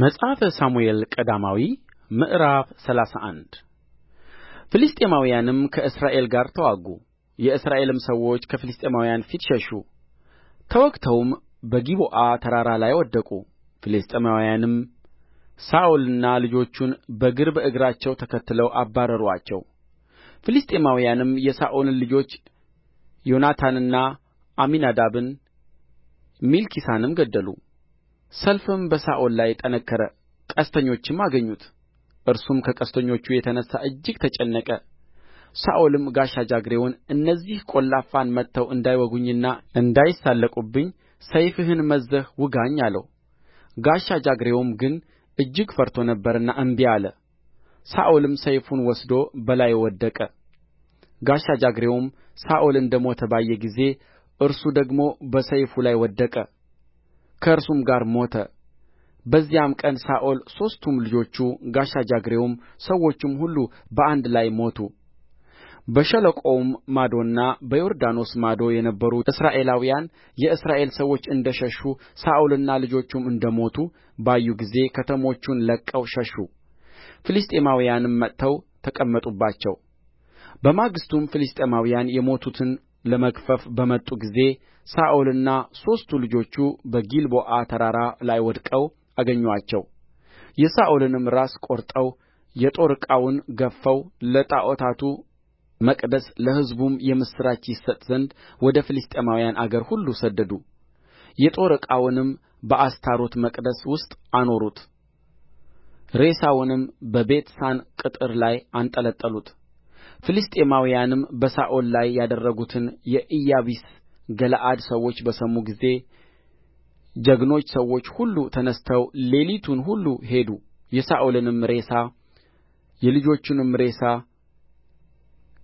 መጽሐፈ ሳሙኤል ቀዳማዊ ምዕራፍ ሰላሳ አንድ ፍልስጥኤማውያንም ከእስራኤል ጋር ተዋጉ። የእስራኤልም ሰዎች ከፍልስጥኤማውያን ፊት ሸሹ፣ ተወግተውም በጊልቦዓ ተራራ ላይ ወደቁ። ፍልስጥኤማውያንም ሳኦልና ልጆቹን በእግር በእግራቸው ተከትለው አባረሩአቸው። ፍልስጥኤማውያንም የሳኦልን ልጆች ዮናታንና አሚናዳብን ሚልኪሳንም ገደሉ። ሰልፍም በሳኦል ላይ ጠነከረ ቀስተኞችም አገኙት እርሱም ከቀስተኞቹ የተነሣ እጅግ ተጨነቀ ሳኦልም ጋሻ ጃግሬውን እነዚህ ቈላፋን መጥተው እንዳይወጉኝና እንዳይሳለቁብኝ ሰይፍህን መዝዘህ ውጋኝ አለው ጋሻ ጃግሬውም ግን እጅግ ፈርቶ ነበርና እንቢ አለ ሳኦልም ሰይፉን ወስዶ በላዩ ወደቀ ጋሻ ጃግሬውም ሳኦል እንደ ሞተ ባየ ጊዜ እርሱ ደግሞ በሰይፉ ላይ ወደቀ ከእርሱም ጋር ሞተ በዚያም ቀን ሳኦል ሦስቱም ልጆቹ ጋሻ ጃግሬውም ሰዎቹም ሁሉ በአንድ ላይ ሞቱ በሸለቆውም ማዶና በዮርዳኖስ ማዶ የነበሩ እስራኤላውያን የእስራኤል ሰዎች እንደ ሸሹ ሳኦልና ልጆቹም እንደ ሞቱ ባዩ ጊዜ ከተሞቹን ለቅቀው ሸሹ ፍልስጥኤማውያንም መጥተው ተቀመጡባቸው በማግስቱም ፍልስጥኤማውያን የሞቱትን ለመግፈፍ በመጡ ጊዜ ሳኦልና ሦስቱ ልጆቹ በጊልቦዓ ተራራ ላይ ወድቀው አገኙአቸው የሳኦልንም ራስ ቈርጠው የጦር ዕቃውን ገፍፈው ለጣዖታቱ መቅደስ ለሕዝቡም የምሥራች ይሰጥ ዘንድ ወደ ፍልስጥኤማውያን አገር ሁሉ ሰደዱ የጦር ዕቃውንም በአስታሮት መቅደስ ውስጥ አኖሩት ሬሳውንም በቤትሳን ቅጥር ላይ አንጠለጠሉት ፍልስጥኤማውያንም በሳኦል ላይ ያደረጉትን የኢያቢስ ገለዓድ ሰዎች በሰሙ ጊዜ ጀግኖች ሰዎች ሁሉ ተነሥተው ሌሊቱን ሁሉ ሄዱ የሳኦልንም ሬሳ የልጆቹንም ሬሳ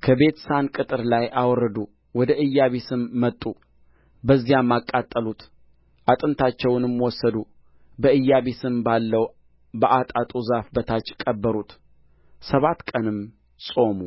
ከቤትሳን ቅጥር ላይ አወረዱ ወደ ኢያቢስም መጡ በዚያም አቃጠሉት አጥንታቸውንም ወሰዱ በኢያቢስም ባለው በአጣጡ ዛፍ በታች ቀበሩት ሰባት ቀንም ጾሙ